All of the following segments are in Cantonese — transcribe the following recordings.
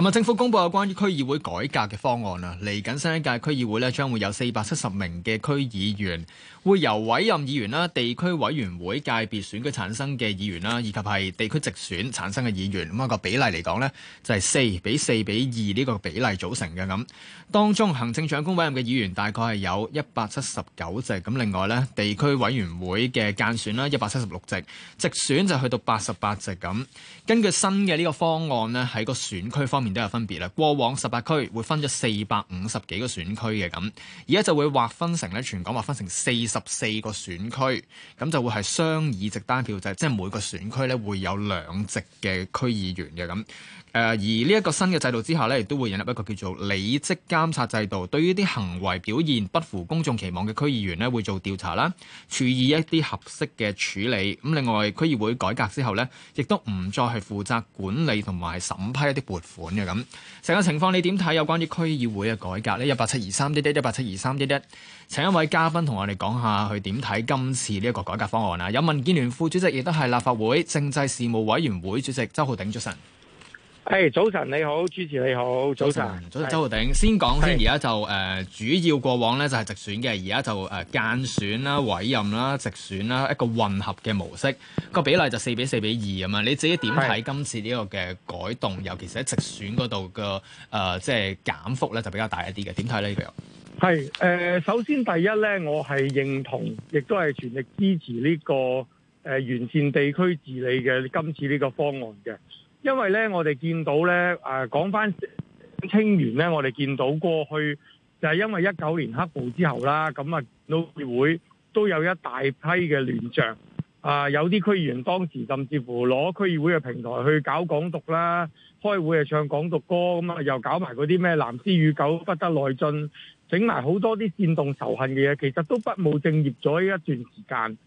琴日政府公布有關於區議會改革嘅方案啦，嚟緊新一屆區議會呢，將會有四百七十名嘅區議員，會由委任議員啦、地區委員會界別選舉產生嘅議員啦，以及係地區直選產生嘅議員。咁一個比例嚟講呢就係四比四比二呢個比例組成嘅咁。當中行政長官委任嘅議員大概係有一百七十九席，咁另外呢，地區委員會嘅間選啦一百七十六席，直選就去到八十八席咁。根據新嘅呢個方案呢，喺個選區方面。都有分別啦。過往十八區會分咗四百五十幾個選區嘅咁，而家就會劃分成咧，全港劃分成四十四個選區，咁就會係雙議席單票制，即係每個選區咧會有兩席嘅區議員嘅咁。誒，而呢一個新嘅制度之下呢，亦都會引入一個叫做履職監察制度，對於啲行為表現不符公眾期望嘅區議員呢，會做調查啦，處以一啲合適嘅處理。咁另外，區議會改革之後呢，亦都唔再係負責管理同埋審批一啲撥款嘅咁成個情況，你點睇有關於區議會嘅改革呢？一八七二三一一一八七二三一一，請一位嘉賓同我哋講下佢點睇今次呢一個改革方案啊！有民建聯副主席，亦都係立法會政制事務委員會主席周浩鼎先生。係、hey, 早晨，你好，主持你好，早晨，早晨，周浩鼎，先講先現在，而家就誒，主要過往咧就係直選嘅，而家就誒、間、呃、選啦、委任啦、直選啦，一個混合嘅模式，個比例就四比四比二咁啊！你自己點睇今次呢個嘅改動，尤其是喺直選嗰度嘅誒即係減幅咧就比較大一啲嘅？點睇呢？呢個？係、呃、誒，首先第一咧，我係認同，亦都係全力支持呢、這個誒、呃、完善地區治理嘅今次呢個方案嘅。因為咧，我哋見到咧，誒講返清源咧，我哋見到過去就係、是、因為一九年黑暴之後啦，咁啊，區議會都有一大批嘅亂象，啊有啲區議員當時甚至乎攞區議會嘅平台去搞港獨啦，開會啊唱港獨歌，咁、嗯、啊又搞埋嗰啲咩藍絲與狗不得內進，整埋好多啲煽動仇恨嘅嘢，其實都不務正業咗一段時間。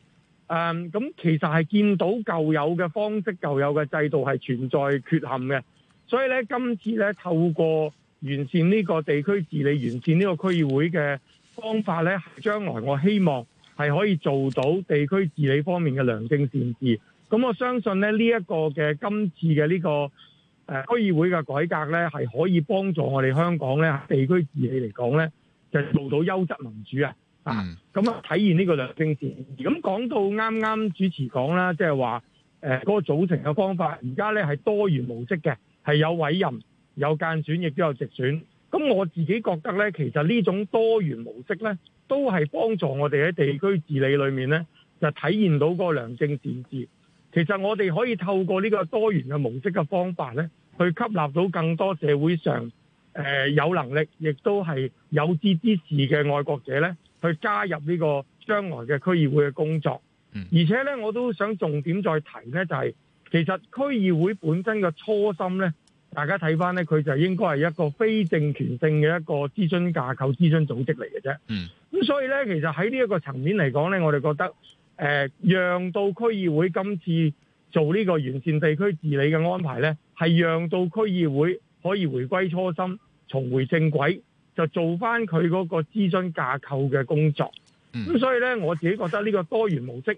咁、嗯，其實係見到舊有嘅方式、舊有嘅制度係存在缺陷嘅，所以咧今次咧透過完善呢個地區治理、完善呢個區議會嘅方法咧，將來我希望係可以做到地區治理方面嘅良性善治。咁我相信咧呢一個嘅今次嘅呢個誒區議會嘅改革咧，係可以幫助我哋香港咧地區治理嚟講咧，就做到優質民主啊！啊！咁啊，體現呢個良性善治。咁講到啱啱主持講啦，即係話誒嗰個組成嘅方法，而家呢係多元模式嘅，係有委任、有間選，亦都有直選。咁我自己覺得呢，其實呢種多元模式呢，都係幫助我哋喺地區治理裏面呢，就體現到個良性善治。其實我哋可以透過呢個多元嘅模式嘅方法呢，去吸納到更多社會上誒、呃、有能力，亦都係有志之，之士嘅愛國者呢，去加入呢個將來嘅區議會嘅工作，嗯、而且咧我都想重點再提咧，就係、是、其實區議會本身嘅初心咧，大家睇翻咧，佢就應該係一個非政權性嘅一個諮詢架構諮詢組織嚟嘅啫。嗯，咁所以咧，其實喺呢一個層面嚟講咧，我哋覺得誒、呃，讓到區議會今次做呢個完善地區治理嘅安排咧，係讓到區議會可以回歸初心，重回正軌。就做翻佢嗰個諮詢架構嘅工作，咁、嗯、所以呢，我自己覺得呢個多元模式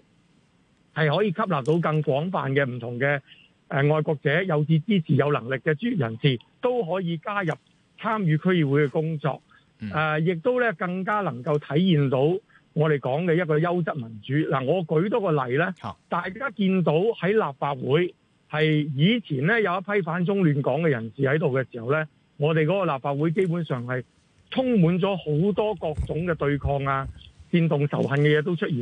係可以吸納到更廣泛嘅唔同嘅誒愛國者、有志支持、有能力嘅專業人士都可以加入參與區議會嘅工作，誒、嗯，亦都呢更加能夠體現到我哋講嘅一個優質民主。嗱，我舉多個例呢、啊，大家見到喺立法會係以前呢有一批反中亂港嘅人士喺度嘅時候呢，我哋嗰個立法會基本上係，充滿咗好多各種嘅對抗啊、煽動、仇恨嘅嘢都出現。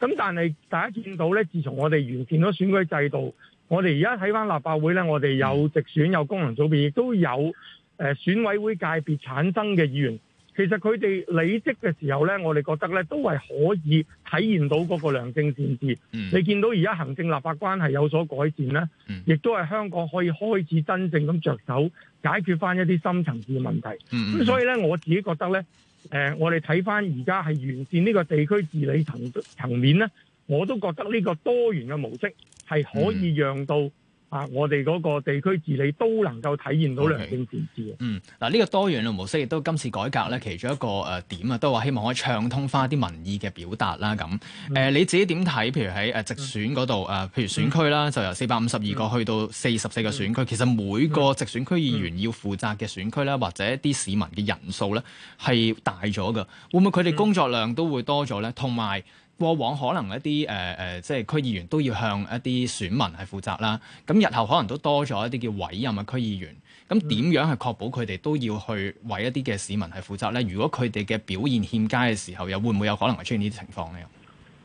咁但係大家見到呢，自從我哋完善咗選舉制度，我哋而家睇翻立法會呢，我哋有直選、有功能組別，亦都有誒、呃、選委會界別產生嘅議員。其實佢哋履職嘅時候呢，我哋覺得呢都係可以體現到嗰個良性善治、嗯。你見到而家行政立法關係有所改善呢，亦都係香港可以開始真正咁着手解決翻一啲深層次嘅問題。咁、嗯、所以呢，我自己覺得呢，誒、呃，我哋睇翻而家係完善呢個地區治理層層面呢，我都覺得呢個多元嘅模式係可以讓到。啊！我哋嗰個地區治理都能夠體現到良性自治、okay. 嗯，嗱、這、呢個多元嘅模式亦都今次改革咧，其中一個誒點啊，都話希望可以暢通翻啲民意嘅表達啦。咁誒、嗯呃，你自己點睇？譬如喺誒直選嗰度誒，譬如選區啦、嗯，就由四百五十二個去到四十四個選區、嗯，其實每個直選區議員要負責嘅選區啦，或者一啲市民嘅人數咧，係大咗噶。會唔會佢哋工作量都會多咗咧？同埋。過往可能一啲誒誒即係區議員都要向一啲選民去負責啦。咁日後可能都多咗一啲叫委任嘅區議員，咁點樣去確保佢哋都要去為一啲嘅市民去負責咧？如果佢哋嘅表現欠佳嘅時候，又會唔會有可能出現呢啲情況咧？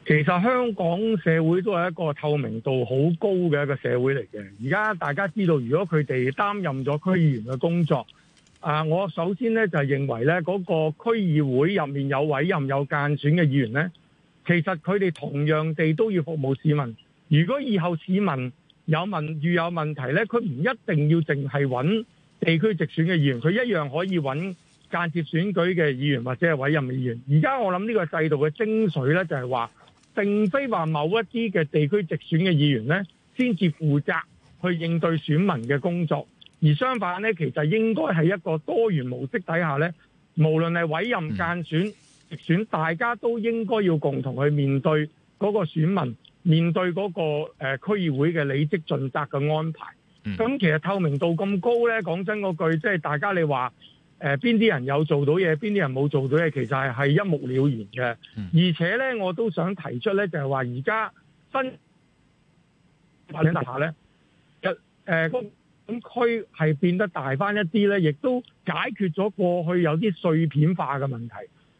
其實香港社會都係一個透明度好高嘅一個社會嚟嘅。而家大家知道，如果佢哋擔任咗區議員嘅工作，啊，我首先咧就認為咧，嗰個區議會入面有委任有間選嘅議員咧。其實佢哋同樣地都要服務市民。如果以後市民有問遇有問題呢，佢唔一定要淨係揾地區直選嘅議員，佢一樣可以揾間接選舉嘅議員或者委任嘅議員。而家我諗呢個制度嘅精髓呢，就係話並非話某一啲嘅地區直選嘅議員呢，先至負責去應對選民嘅工作。而相反呢，其實應該係一個多元模式底下呢，無論係委任間選，嗯直選大家都應該要共同去面對嗰個選民，面對嗰個區區議會嘅履職盡責嘅安排。咁、嗯、其實透明度咁高呢？講真嗰句，即、就、係、是、大家你話誒邊啲人有做到嘢，邊啲人冇做到嘢，其實係一目了然嘅、嗯。而且呢，我都想提出呢，就係話而家新八鄉大廈呢，咁、呃、區係變得大返一啲呢，亦都解決咗過去有啲碎片化嘅問題。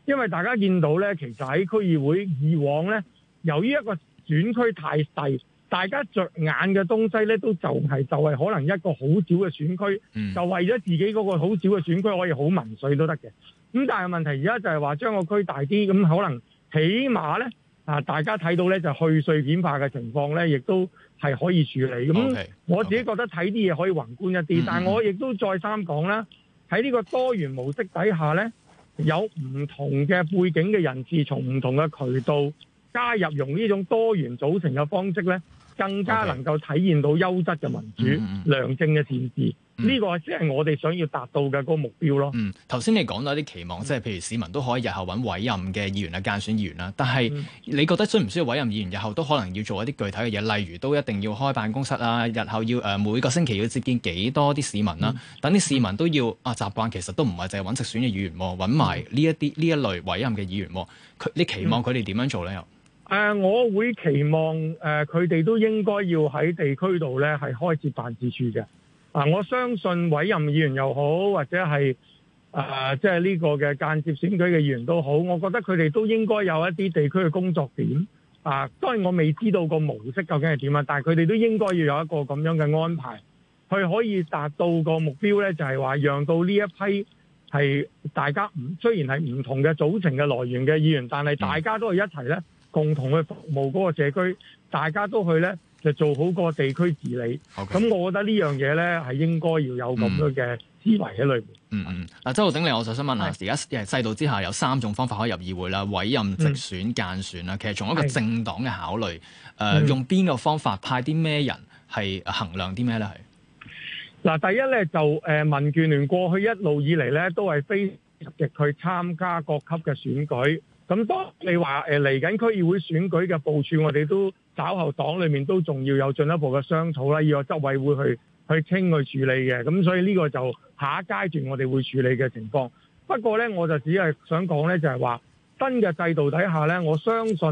因為大家見到呢，其實喺區議會以往呢，由於一個選區太細，大家着眼嘅東西呢，都就係就係可能一個好少嘅選區，就為咗自己嗰個好少嘅選區，可以好民粹都得嘅。咁但係問題而家就係話將個區大啲，咁可能起碼呢，啊，大家睇到呢，就去碎片化嘅情況呢，亦都係可以處理。咁、okay, okay. 我自己覺得睇啲嘢可以宏觀一啲，但係我亦都再三講啦，喺呢個多元模式底下呢。有唔同嘅背景嘅人士，從唔同嘅渠道加入，用呢種多元組成嘅方式咧，更加能夠體現到優質嘅民主、嗯嗯嗯、良政嘅善治，呢、嗯這個先係我哋想要達到嘅嗰個目標咯。頭、嗯、先你講到一啲期望，即係譬如市民都可以日後揾委任嘅議員啊、間選，選議員啦，但係你覺得需唔需要委任議員日後都可能要做一啲具體嘅嘢，例如都一定要開辦公室啊，日後要誒每個星期要接見幾多啲市民啦，等、嗯、啲市民都要、嗯、啊習慣，習慣其實都唔係淨係揾直選嘅議員喎，揾埋呢一啲呢一類委任嘅議員，佢、嗯、你期望佢哋點樣做咧？誒，我會期望誒，佢哋都應該要喺地區度呢係開設辦事處嘅。啊，我相信委任議員又好，或者係誒，即係呢個嘅間接選舉嘅議員都好，我覺得佢哋都應該有一啲地區嘅工作點。啊，當然我未知道個模式究竟係點啊，但係佢哋都應該要有一個咁樣嘅安排，去可以達到個目標呢就係話讓到呢一批係大家唔雖然係唔同嘅組成嘅來源嘅議員，但係大家都係一齊呢。共同去服務嗰個社區，大家都去咧就做好嗰個地區治理。咁、okay，我覺得呢樣嘢咧係應該要有咁樣嘅思維喺裏面。嗯嗯，嗱、嗯，周浩鼎嚟，我就想問下，而家誒制度之下有三種方法可以入議會啦，委任、直選、嗯、間選啦。其實從一個政黨嘅考慮，誒、呃、用邊個方法派啲咩人係衡量啲咩咧？係嗱，第一咧就誒民建聯過去一路以嚟咧都係非常積極去參加各級嘅選舉。咁當你話誒嚟緊區議會選舉嘅部署，我哋都找後黨裏面都仲要有進一步嘅商討啦，要有執委會去去清去處理嘅。咁所以呢個就下一階段我哋會處理嘅情況。不過呢，我就只係想講呢，就係、是、話新嘅制度底下呢，我相信誒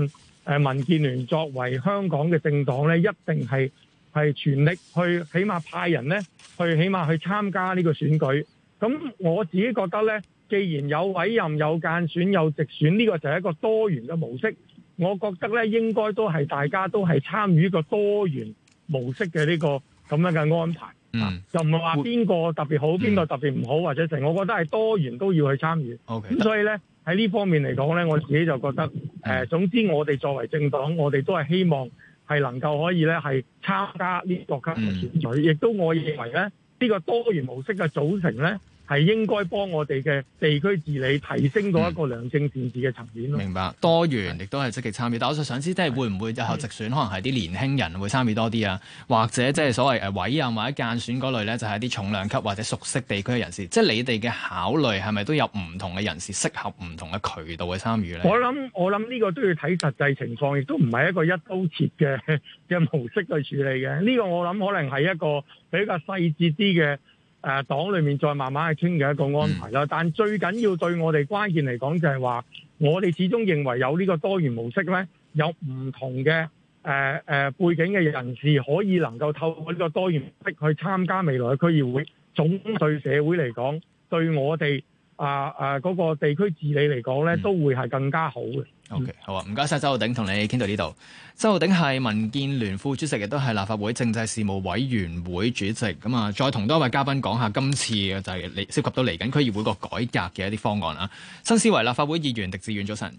民建聯作為香港嘅政黨呢，一定係係全力去，起碼派人呢去，起碼去參加呢個選舉。咁我自己覺得呢。既然有委任、有間選有直選呢、這個就係一個多元嘅模式。我覺得咧，應該都係大家都係參與一個多元模式嘅呢、這個咁樣嘅安排。嗯，又唔係話邊個特別好，邊、嗯、個特別唔好，或者成我覺得係多元都要去參與，咁、okay. 所以咧喺呢在這方面嚟講咧，我自己就覺得誒、呃、總之我哋作為政黨我哋都係希望係能夠可以咧係參加呢個國家嘅選舉，亦都我認為咧呢、這個多元模式嘅組成咧係應該幫我哋嘅地區治理提升到一個良政善治嘅層面咯、嗯。明白多元亦都係積極參與，但我就想知，即係會唔會日後直選可能係啲年輕人會參與多啲啊？或者即係所謂誒委任或者間選嗰類咧，就係啲重量級或者熟悉地區嘅人士。即、就、係、是、你哋嘅考慮係咪都有唔同嘅人士適合唔同嘅渠道去參與咧？我諗我諗呢個都要睇實際情況，亦都唔係一個一刀切嘅嘅模式去處理嘅。呢、這個我諗可能係一個比較細緻啲嘅。誒、呃、黨裏面再慢慢去傾嘅一個安排啦，但最緊要對我哋關鍵嚟講就係話，我哋始終認為有呢個多元模式咧，有唔同嘅、呃呃、背景嘅人士可以能夠透過呢個多元模式去參加未來嘅區議會，總對社會嚟講，對我哋啊啊嗰個地區治理嚟講咧，都會係更加好嘅。O.K. 好啊，唔該晒周浩鼎，同你傾到呢度。周浩鼎係民建聯副主席，亦都係立法會政制事務委員會主席。咁啊，再同多位嘉賓講下今次就係涉及到嚟緊區議會個改革嘅一啲方案啦。新思維立法會議員狄志遠，早晨。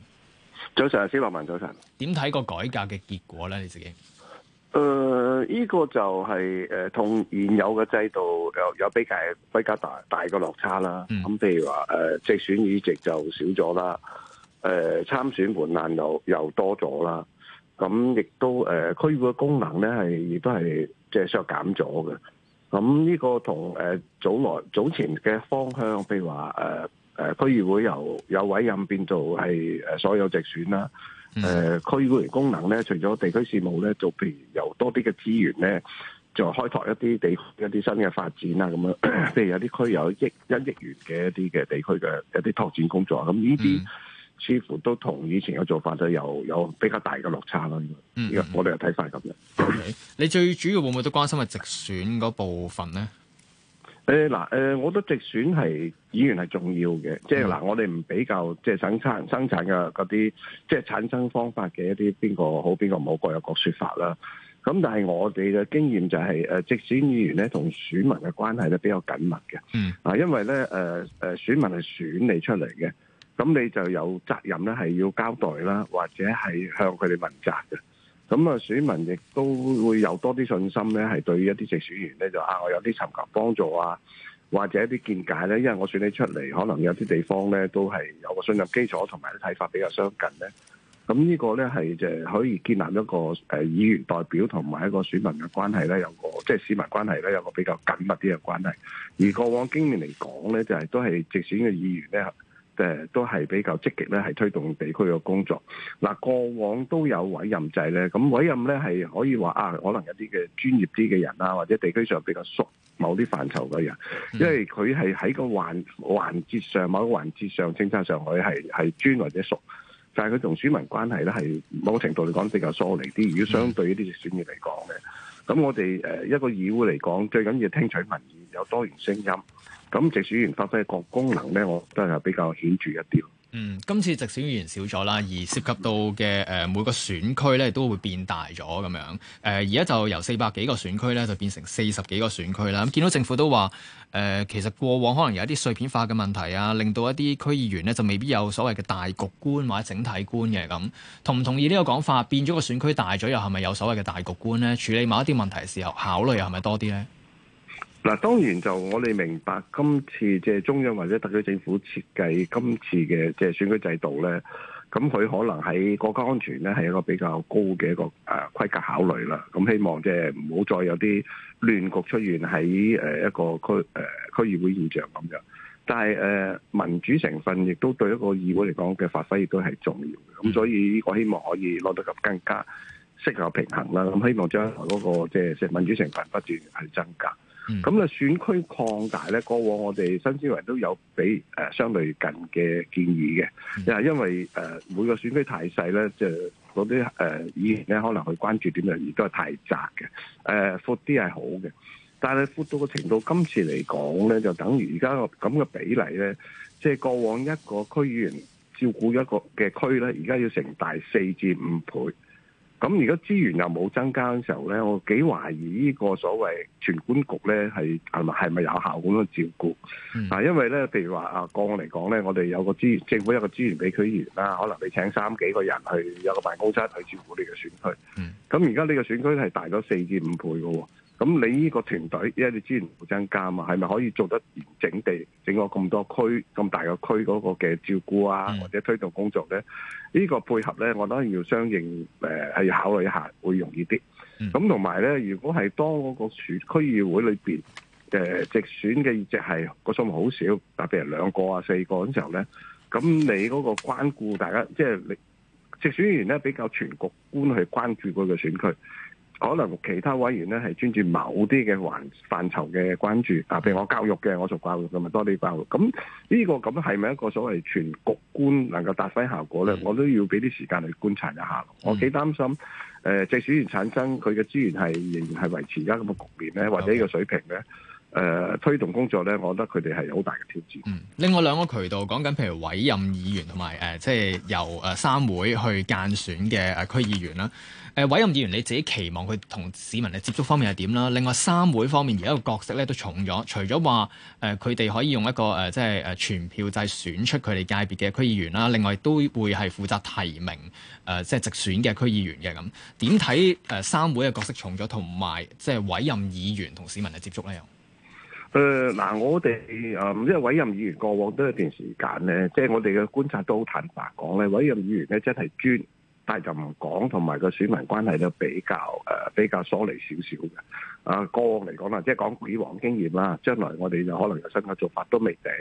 早晨，施樂文，早晨。點睇個改革嘅結果咧？你自己？誒、呃，依、這個就係、是、誒，同、呃、現有嘅制度有有比較，比較大大個落差啦。咁、嗯、譬如話誒，直、呃、選議席就少咗啦。誒、呃，參選門檻又又多咗啦，咁亦都誒，區議會嘅功能咧係亦都係即係削減咗嘅。咁呢個同誒、呃、早來早前嘅方向，譬如話誒誒，區、呃、議會由有委任變做係誒、呃、所有直選啦。誒、呃，區議會功能咧，除咗地區事務咧，就譬如由多啲嘅資源咧，就開拓一啲地一啲新嘅發展啦。咁樣，譬如有啲區有億一億元嘅一啲嘅地區嘅一啲拓展工作，咁呢啲。似乎都同以前嘅做法就有有比較大嘅落差啦、嗯。我哋又睇法咁樣 OK。你最主要會唔會都關心係直選嗰部分咧？誒、呃，嗱，誒，我覺得直選係議員係重要嘅、嗯，即係嗱、呃，我哋唔比較即係生產生產嘅嗰啲即係產生方法嘅一啲邊個好邊個唔好，各有各說法啦。咁但係我哋嘅經驗就係、是、誒、呃，直選議員咧同選民嘅關係咧比較緊密嘅。啊、嗯，因為咧誒誒，選民係選你出嚟嘅。咁你就有責任咧，係要交代啦，或者係向佢哋問責嘅。咁啊，選民亦都會有多啲信心咧，係對於一啲直選員咧就啊，我有啲尋求幫助啊，或者一啲見解咧，因為我選你出嚟，可能有啲地方咧都係有個信任基礎，同埋啲睇法比較相近咧。咁呢個咧係就可以建立一個誒議員代表同埋一個選民嘅關係咧，有個即係市民關係咧，有個比較緊密啲嘅關係。而過往經驗嚟講咧，就係都係直選嘅議員咧。誒都係比較積極咧，係推動地區嘅工作。嗱，過往都有委任制咧，咁委任咧係可以話啊，可能一啲嘅專業啲嘅人啊，或者地區上比較熟某啲範疇嘅人，因為佢係喺個環環節上，某個環節上，政策上佢係係專或者熟，但係佢同選民關係咧，係某程度嚟講比較疏離啲，如果相對於呢啲選議嚟講嘅。咁我哋、呃、一個議會嚟講，最緊要聽取民意，有多元聲音。咁直選員發揮個功能咧，我覺得係比較顯著一啲。嗯，今次直選員少咗啦，而涉及到嘅誒每個選區咧，都會變大咗咁樣。誒、呃，而家就由四百幾個選區咧，就變成四十幾個選區啦。咁見到政府都話，誒、呃，其實過往可能有一啲碎片化嘅問題啊，令到一啲區議員咧就未必有所謂嘅大局觀或者整體觀嘅咁。同唔同意呢個講法？變咗個選區大咗，又係咪有所謂嘅大局觀咧？處理某一啲問題嘅時候，考慮又係咪多啲咧？嗱，當然就我哋明白今次即係中央或者特區政府設計今次嘅即係選舉制度咧，咁佢可能喺國家安全咧係一個比較高嘅一個誒規格考慮啦。咁希望即係唔好再有啲亂局出現喺誒一個區誒、呃、區議會現象咁樣。但係誒、呃、民主成分亦都對一個議會嚟講嘅發揮亦都係重要。咁所以我希望可以攞得更更加適合平衡啦。咁希望將來嗰個即係民主成分不斷去增加。咁、嗯、啊選區擴大咧，過往我哋新思維都有俾相對近嘅建議嘅，因為每個選區太細咧，就嗰啲誒以前咧可能佢關注點樣而都係太窄嘅，誒闊啲係好嘅，但係闊到個程度，今次嚟講咧就等於而家咁嘅比例咧，即係過往一個區議員照顧一個嘅區咧，而家要成大四至五倍。咁而家資源又冇增加嘅時候咧，我幾懷疑呢個所謂全管局咧係係咪係咪有效咁樣照顧？嗯，因為咧，譬如話啊，個案嚟講咧，我哋有個資源政府一個資源俾區議員啦，可能你請三幾個人去有個辦公室去照顧你嘅選區。咁而家呢個選區係大咗四至五倍嘅喎。咁你呢個團隊，因為你資源會增加嘛，係咪可以做得完整地整個咁多區、咁大個區嗰個嘅照顧啊，或者推動工作咧？呢個配合咧，我當然要相應誒，係、呃、要考慮一下，會容易啲。咁同埋咧，如果係當嗰個區議會裏邊誒、呃、直選嘅議席係、個數目好少，特別係兩個啊四個嘅時候咧，咁你嗰個關顧大家，即係你直選員咧比較全局觀去關注嗰個選區。可能其他委員咧係專注某啲嘅環範疇嘅關注，啊，譬如我教育嘅，我做教育咁埋多啲教育。咁呢個咁係咪一個所謂全局觀能夠發揮效果咧、嗯？我都要俾啲時間去觀察一下。嗯、我幾擔心，誒、呃，即使選產生佢嘅資源係仍然係維持而家咁嘅局面咧、嗯，或者呢個水平咧，誒、呃嗯，推動工作咧，我覺得佢哋係好大嘅挑戰。嗯，另外兩個渠道講緊，譬如委任議員同埋誒，即係由三會去間選嘅誒區議員啦。誒委任議員你自己期望佢同市民嘅接觸方面係點啦？另外三會方面而家個角色咧都重咗，除咗話誒佢哋可以用一個誒即係誒全票制選出佢哋界別嘅區議員啦，另外都會係負責提名誒即係直選嘅區議員嘅，咁點睇誒三會嘅角色重咗，同埋即係委任議員同市民嘅接觸咧？又誒嗱，我哋誒唔知委任議員過往都一段時間咧，即係我哋嘅觀察都好坦白講咧，委任議員咧真係專。但係就唔講，同埋個選民關係都比較誒、呃、比較疏離少少嘅。啊，過往嚟講啦，即係講以往經驗啦，將來我哋就可能有新嘅做法都未定。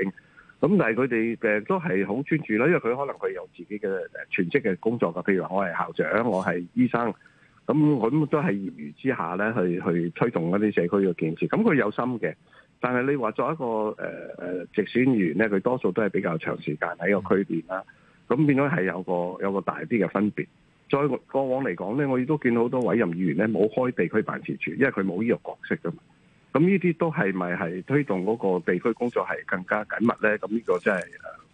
咁但係佢哋都係好專注啦，因為佢可能佢有自己嘅全職嘅工作㗎。譬如話我係校長，我係醫生，咁我都都係業餘之下咧去去推動嗰啲社區嘅建設。咁佢有心嘅，但係你話作為一個誒誒、呃、直選員咧，佢多數都係比較長時間喺個區度啦。嗯咁變咗係有個有個大啲嘅分別。再過往嚟講呢，我亦都見到好多委任議員呢，冇開地區辦事處，因為佢冇呢個角色噶嘛。咁呢啲都係咪係推動嗰個地區工作係更加緊密呢？咁呢個真係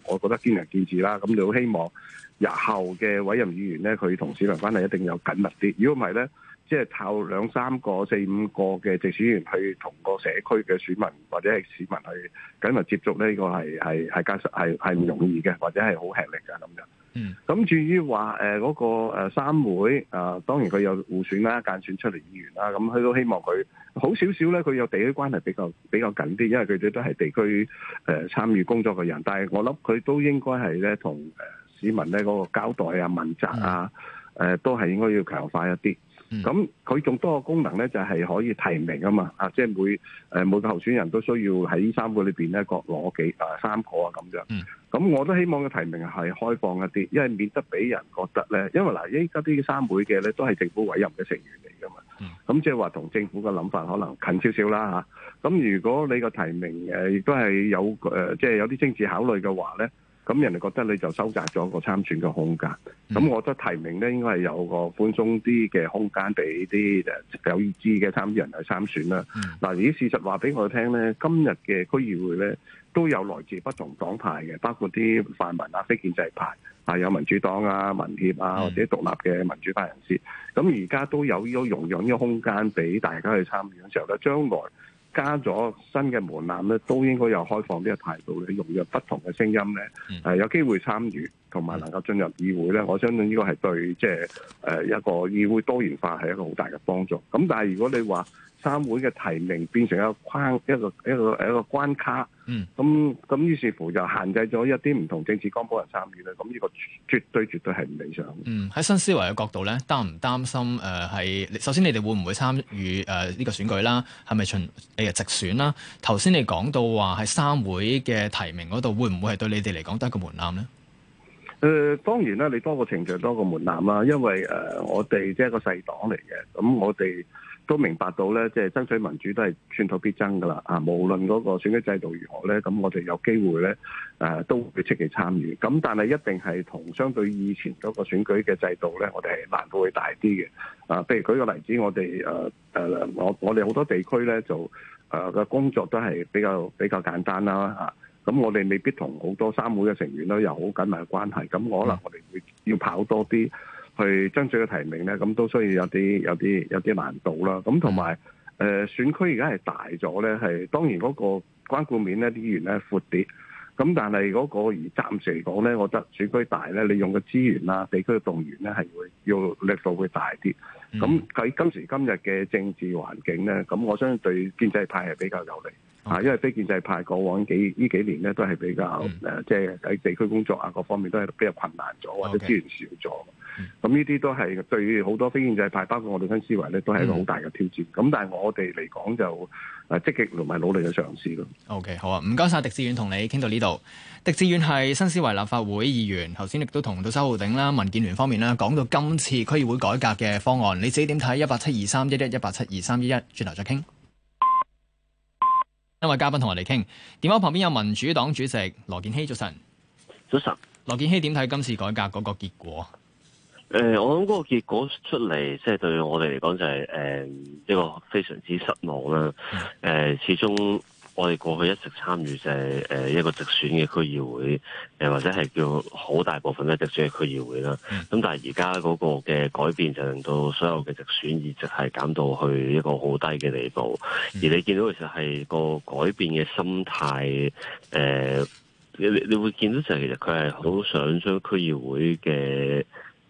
我覺得見仁見智啦。咁你好希望日後嘅委任議員呢，佢同市民關係一定有緊密啲。如果唔係呢？即係靠兩三個、四五個嘅直選員去同個社區嘅選民或者係市民去緊密接觸，呢個係係係間實係係唔容易嘅，或者係好吃力嘅咁樣。咁至於話誒嗰個誒三會啊，當然佢有互選啦、間選出嚟議員啦，咁佢都希望佢好少少咧，佢有地區關係比較比較緊啲，因為佢哋都係地區誒參與工作嘅人。但係我諗佢都應該係咧同誒市民咧嗰個交代啊、問責啊，誒、嗯、都係應該要強化一啲。咁佢仲多個功能咧，就係可以提名啊嘛，啊即係每誒每個候選人都需要喺三會裏邊咧，各攞幾誒三個啊咁樣。咁、嗯、我都希望個提名係開放一啲，因為免得俾人覺得咧，因為嗱呢家啲三會嘅咧都係政府委任嘅成員嚟噶嘛，咁、嗯、即係話同政府嘅諗法可能近少少啦吓，咁如果你個提名誒亦都係有誒，即係有啲政治考慮嘅話咧。咁人哋覺得你就收窄咗個參選嘅空間，咁、嗯、我覺得提名呢應該係有個寬鬆啲嘅空間俾啲有意志嘅參選人去參選啦。嗱、嗯、而事實話俾我聽呢今日嘅區議會呢都有來自不同黨派嘅，包括啲泛民啊、非建制派啊、有民主黨啊、民協啊或者獨立嘅民主派人士。咁而家都有呢個容讓呢個空間俾大家去參選嘅時候咧，將來。加咗新嘅門檻咧，都應該有開放呢個態度咧，用咗不同嘅聲音咧，誒有機會參與。同埋能夠進入議會咧，我相信呢個係對即係誒一個議會多元化係一個好大嘅幫助。咁但係如果你話三會嘅提名變成一個框一個一個一個關卡，嗯，咁咁於是乎就限制咗一啲唔同政治光譜人參與咧。咁呢個絕對絕對係唔理想的。嗯，喺新思維嘅角度咧，擔唔擔心誒係、呃、首先你哋會唔會參與誒呢、呃呢個選舉啦？係咪循誒直選啦？頭先你講到話喺三會嘅提名嗰度，會唔會係對你哋嚟講得一個門檻咧？誒、呃、當然啦，你多個程序多個門檻啦，因為誒、呃、我哋即係一個細黨嚟嘅，咁我哋都明白到咧，即係爭取民主都係寸土必爭噶啦啊！無論嗰個選舉制度如何咧，咁我哋有機會咧誒、啊、都會積極參與。咁但係一定係同相對以前嗰個選舉嘅制度咧，我哋係難度會大啲嘅。啊，譬如舉個例子，我哋誒、呃、我我哋好多地區咧就誒嘅、呃、工作都係比較比較簡單啦、啊。咁我哋未必同好多三會嘅成員都有好緊密嘅關係。咁我可能我哋要要跑多啲去爭取嘅提名咧，咁都需要有啲有啲有啲難度啦。咁同埋誒選區而家係大咗咧，係當然嗰個關顧面咧，啲員咧闊啲。咁但係嗰個而暫時嚟講咧，我覺得選區大咧，你用嘅資源啦、地區嘅動員咧，係會要力度會大啲。咁喺今時今日嘅政治環境咧，咁我相信對建制派係比較有利。啊、okay.，因為非建制派過往幾呢幾年咧，都係比較誒，即係喺地區工作啊，各方面都係比較困難咗，okay. 或者資源少咗。咁呢啲都係對於好多非建制派，包括我哋新思維咧，都係一個好大嘅挑戰。咁、嗯、但係我哋嚟講就誒積極同埋努力嘅嘗試咯。O、okay, K，好啊，唔該晒。狄志遠同你傾到呢度。狄志遠係新思維立法會議員，頭先亦都同到周浩鼎啦、民建聯方面啦講到今次區議會改革嘅方案，你自己點睇？一八七二三一一一八七二三一一，轉頭再傾。一位嘉賓同我哋傾電話，旁邊有民主黨主席羅健熙，早晨，早晨。羅健熙點睇今次改革嗰個結果？誒、呃，我諗嗰個結果出嚟，即係對我哋嚟講就係誒一個非常之失望啦。誒、呃，始終。我哋過去一直參與就係誒一個直選嘅區議會，誒或者係叫好大部分咧直選嘅區議會啦。咁、嗯、但係而家嗰個嘅改變，就令到所有嘅直選議席係減到去一個好低嘅地步。而你見到其實係個改變嘅心態，誒、呃，你會見到就係其實佢係好想將區議會嘅誒、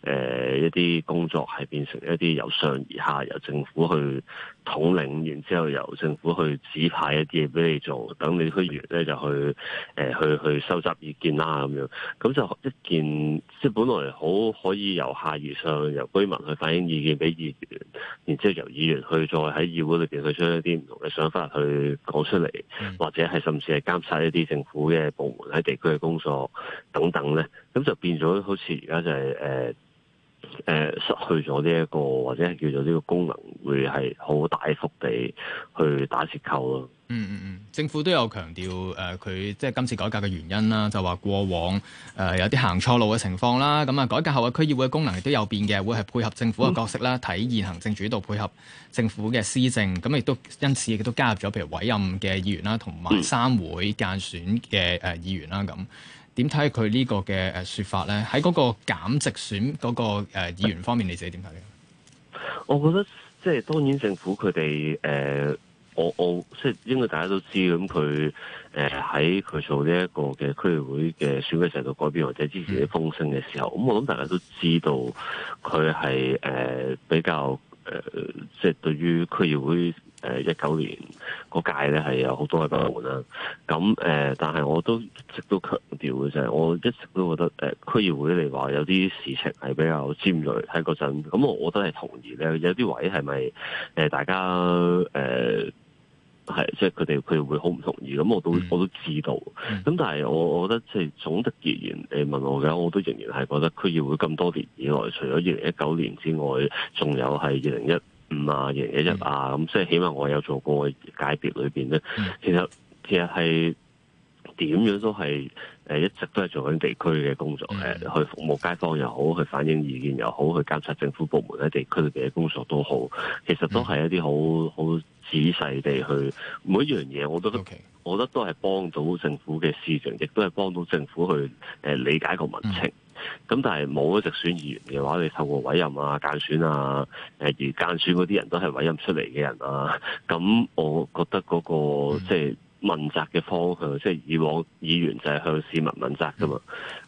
呃、一啲工作係變成一啲由上而下由政府去統領完之後，由政府去指派一啲嘢俾你做，等你區議員咧就去誒、呃、去去收集意見啦咁樣，咁就一件即係本來好可以由下而上，由居民去反映意見俾議員，然之後由議員去再喺議會裏面去將一啲唔同嘅想法去講出嚟、嗯，或者係甚至係監察一啲政府嘅部門喺地區嘅工作等等咧，咁就變咗好似而家就係、是、誒。呃誒、呃，失去咗呢一個或者叫做呢個功能，會係好大幅地去打折扣咯。嗯嗯嗯，政府都有強調誒，佢、呃、即係今次改革嘅原因啦，就話過往誒、呃、有啲行錯路嘅情況啦，咁啊，改革後嘅區議會嘅功能亦都有變嘅，會係配合政府嘅角色啦，體、嗯、現行政主導配合政府嘅施政，咁亦都因此亦都加入咗，譬如委任嘅議員啦，同埋三會間選嘅誒、呃、議員啦，咁。點睇佢呢個嘅誒説法咧？喺嗰個減直選嗰個誒議員方面，你自己點睇咧？我覺得即係當然政府佢哋誒，我我即係應該大家都知咁，佢誒喺佢做呢一個嘅區議會嘅選舉制度改變或者之前啲風聲嘅時候，咁、嗯嗯、我諗大家都知道佢係誒比較誒、呃，即係對於區議會。誒一九年嗰屆咧係有好多嘅改換啦，咁誒、呃，但係我都一直都強調嘅就係，我一直都覺得誒、呃、區議會嚟話有啲事情係比較尖銳喺嗰陣，咁我我都係同意咧，有啲位係咪誒大家誒係、呃，即係佢哋佢哋會好唔同意，咁我都我都知道，咁但係我覺得即係總的而言，你、呃、問我嘅，我都仍然係覺得區議會咁多年以來，除咗二零一九年之外，仲有係二零一。五啊，零一日啊，咁、嗯、即係起碼我有做過界別裏邊咧、嗯，其實其實係點樣都係誒、呃，一直都係做緊地區嘅工作，誒、嗯啊、去服務街坊又好，去反映意見又好，去監察政府部門喺地區裏邊嘅工作都好，其實都係一啲好好仔細地去每一樣嘢，我覺得，okay. 我覺得都係幫到政府嘅事情，亦都係幫到政府去誒、呃、理解一個民情。嗯嗯咁但係冇咗直選議員嘅話，你透過委任啊、間選，選啊，誒、呃、而間選嗰啲人都係委任出嚟嘅人啊，咁我覺得嗰、那個即係、嗯就是、問責嘅方向，即、就、係、是、以往議員就係向市民問責噶嘛，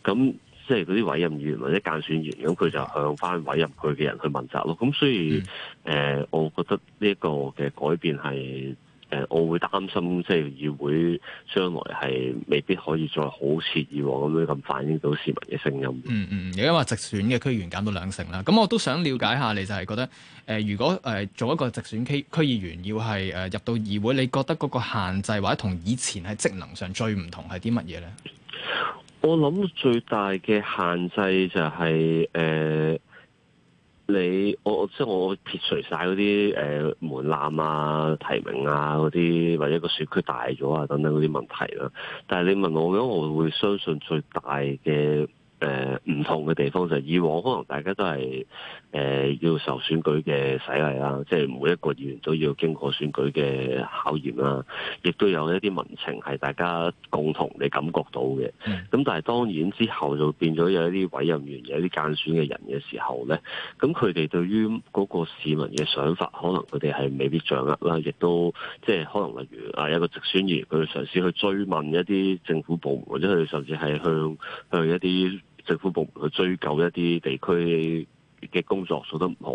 咁即係嗰啲委任議員或者間選議員，咁佢就向翻委任佢嘅人去問責咯。咁所以誒、嗯呃，我覺得呢一個嘅改變係。誒，我會擔心即係議會將來係未必可以再好似以往咁樣咁反映到市民嘅聲音。嗯嗯，因為直選嘅區議員減到兩成啦。咁我都想了解下，你就係覺得誒、呃，如果誒、呃、做一個直選區區議員要，要係誒入到議會，你覺得嗰個限制或者同以前喺職能上最唔同係啲乜嘢咧？我諗最大嘅限制就係、是、誒。呃你我即係我撇除晒嗰啲誒門檻啊、提名啊嗰啲，或者一個選區大咗啊等等嗰啲問題啦，但係你問我，咁我會相信最大嘅誒唔同嘅地方就係以往可能大家都係。誒要受選舉嘅洗禮啦，即係每一個議員都要經過選舉嘅考驗啦，亦都有一啲民情係大家共同嚟感覺到嘅。咁但係當然之後就變咗有一啲委任員、有一啲間選嘅人嘅時候呢，咁佢哋對於嗰個市民嘅想法，可能佢哋係未必掌握啦，亦都即係可能例如啊，一個直選議員佢嘗試去追問一啲政府部門，或者佢哋甚至係向一啲政府部門去追究一啲地區。嘅工作做得唔好，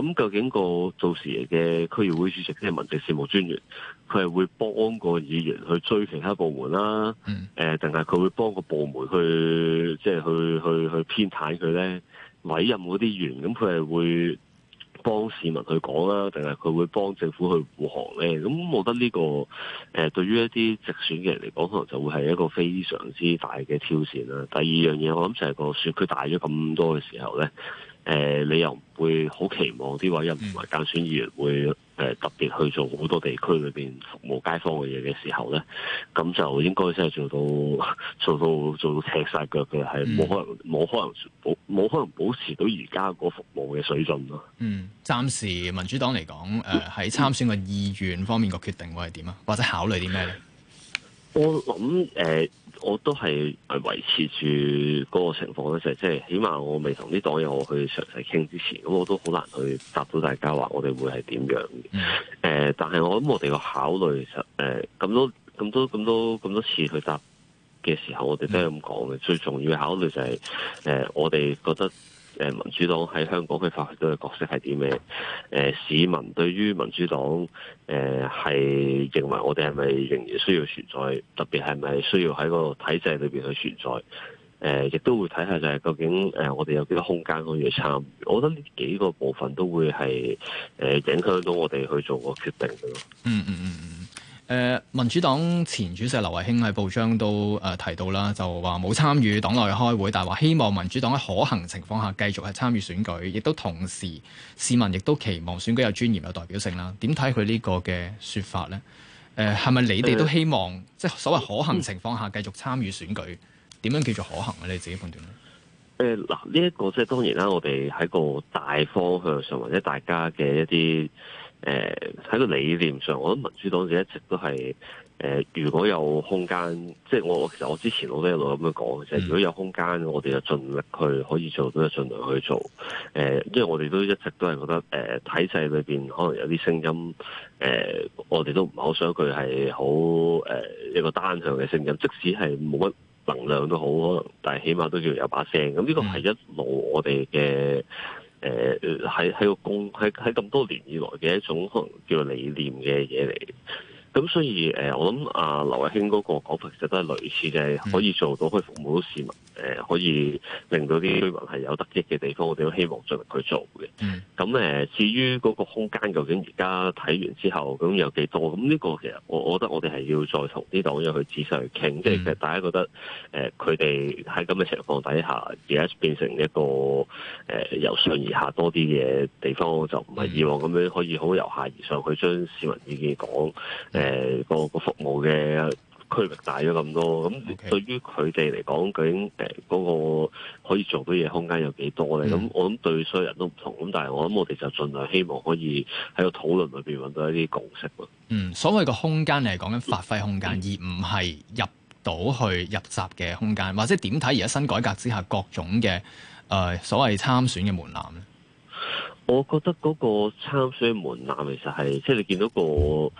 咁究竟個做事嘅區議會主席即係、就是、民政事務專員，佢係會幫個議員去追其他部門啦，誒定係佢會幫個部門去即係、就是、去去去偏袒佢咧，委任嗰啲員，咁佢係會幫市民去講啦，定係佢會幫政府去護航咧？咁我覺得呢、這個誒對於一啲直選嘅人嚟講，可能就會係一個非常之大嘅挑戰啦。第二樣嘢，我諗就係個選區大咗咁多嘅時候咧。誒、呃，你又唔會好期望啲委任同埋間選議員會、呃、特別去做好多地區裏面服務街坊嘅嘢嘅時候咧，咁就應該真係做到做到做到踢晒腳嘅，係冇可能冇可能保冇可能保持到而家嗰服務嘅水準咯。嗯，暫時民主黨嚟講，喺、呃、參選嘅意願方面個決定會係點啊？或者考慮啲咩咧？我諗誒、呃，我都係維持住嗰個情況咧，就即、是、係起碼我未同啲黨友去詳細傾之前，咁我都好難去答到大家話我哋會係點樣嘅。誒、嗯呃，但係我諗我哋個考慮其實誒，咁、呃、多咁多咁多咁多次去答嘅時候，我哋都係咁講嘅。最重要考慮就係、是、誒、呃，我哋覺得。誒民主黨喺香港嘅發揮到嘅角色係啲咩？誒市民對於民主黨誒係、呃、認為我哋係咪仍然需要存在？特別係咪需要喺個體制裏邊去存在？誒、呃、亦都會睇下就係究竟誒我哋有幾多空間可以參與？我覺得呢幾個部分都會係誒影響到我哋去做個決定嘅咯。嗯嗯嗯嗯。嗯。誒、呃、民主黨前主席劉慧卿喺報章都誒提到啦，就話冇參與黨內開會，但係話希望民主黨喺可行情況下繼續係參與選舉，亦都同時市民亦都期望選舉有尊嚴、有代表性啦。點睇佢呢個嘅説法呢？誒係咪你哋都希望、呃、即係所謂可行情況下繼續參與選舉？點、嗯、樣叫做可行咧？你自己判斷。呢一、呃呢個即係當然啦，我哋喺個大方向上或者大家嘅一啲。誒、呃，喺個理念上，我諗民主黨亦一直都係誒、呃，如果有空間，即係我其實我之前我都一路咁樣講嘅，即、就、係、是、如果有空間，我哋就盡力去可以做到就盡量去做。誒、呃，因為我哋都一直都係覺得誒、呃，體制裏邊可能有啲聲音，誒、呃，我哋都唔係好想佢係好誒一個單向嘅聲音，即使係冇乜能量都好，可能但係起碼都要有把聲。咁呢個係一路我哋嘅。誒喺喺個公喺喺咁多年以來嘅一種可能叫做理念嘅嘢嚟。咁所以，誒、呃，我諗阿劉慧卿嗰個講法，其實都係類似嘅，可以做到去服務到市民，誒、呃，可以令到啲居民係有得益嘅地方，我哋都希望盡力去做嘅。咁、嗯、誒，至於嗰個空間究竟而家睇完之後咁有幾多？咁呢個其實我，我覺得我哋係要再同啲黨友去仔細去傾，即係其實大家覺得，誒、呃，佢哋喺咁嘅情況底下，而家變成一個誒、呃、由上而下多啲嘅地方，我就唔係以往咁樣可以好由下而上去將市民意見講。呃誒、呃，個個服務嘅區域大咗咁多，咁對於佢哋嚟講，究竟誒嗰個可以做到嘢空間有幾多咧？咁、嗯、我諗對所有人都唔同，咁但係我諗我哋就盡量希望可以喺個討論裏邊搵到一啲共識咯。嗯，所謂個空間，你係講緊發揮空間，而唔係入到去入閘嘅空間，或者點睇而家新改革之下各種嘅誒、呃、所謂參選嘅門檻咧？我覺得嗰個參選門檻其實係即係你見到、那個。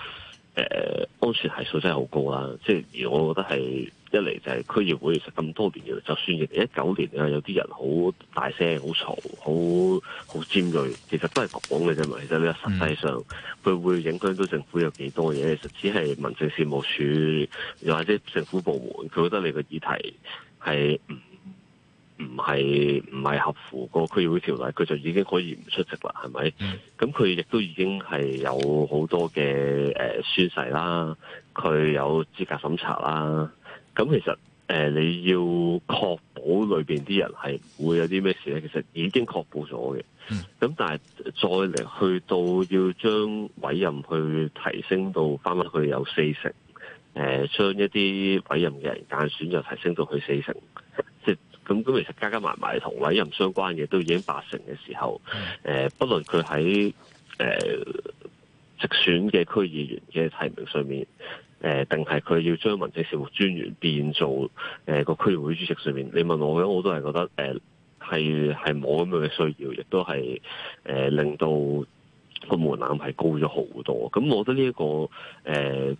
都算係素質係好高啦，即係而我覺得係一嚟就係區議會，其實咁多年嚟，就算而家一九年啊，有啲人好大聲、好嘈、好好尖銳，其實都係講嘅啫嘛。其實呢個實際上，佢會影響到政府有幾多嘢，其實只係民政事務處又或者政府部門，佢覺得你個議題係。唔係唔係合乎個區議會條例，佢就已經可以唔出席啦，係咪？咁佢亦都已經係有好多嘅誒、呃、宣誓啦，佢有資格審查啦。咁其實誒、呃、你要確保裏面啲人係會有啲咩事咧，其實已經確保咗嘅。咁、嗯、但係再嚟去到要將委任去提升到返返去有四成，誒、呃、將一啲委任嘅人間選就提升到去四成。咁咁，其實加加埋埋同委任相關嘅都已經八成嘅時候，誒，不論佢喺誒直選嘅區議員嘅提名上面，誒，定係佢要將民政事務專員變做誒個區議會主席上面，你問我，我都係覺得誒，係係冇咁樣嘅需要，亦都係誒令到個門檻係高咗好多。咁我覺得呢、這、一個誒。呃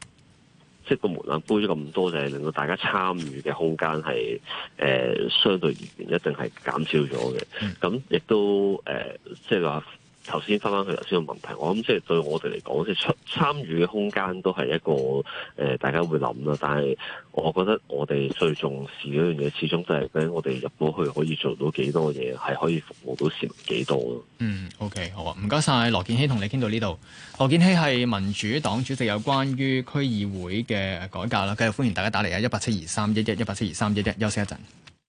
即個門檻高咗咁多，就係令到大家參與嘅空間係誒相對而言一定係減少咗嘅。咁亦都誒，即係話。頭先返返去頭先嘅問題，我諗即係對我哋嚟講，即係出參與嘅空間都係一個誒、呃，大家會諗啦。但係我覺得我哋最重視嗰樣嘢，始終都係俾我哋入到去可以做到幾多嘢，係可以服務到市民幾多咯。嗯，OK，好啊，唔該晒。羅健熙，同你傾到呢度。羅健熙係民主黨主席，有關於區議會嘅改革啦，繼續歡迎大家打嚟啊，一八七二三一一一八七二三一一，休息一陣。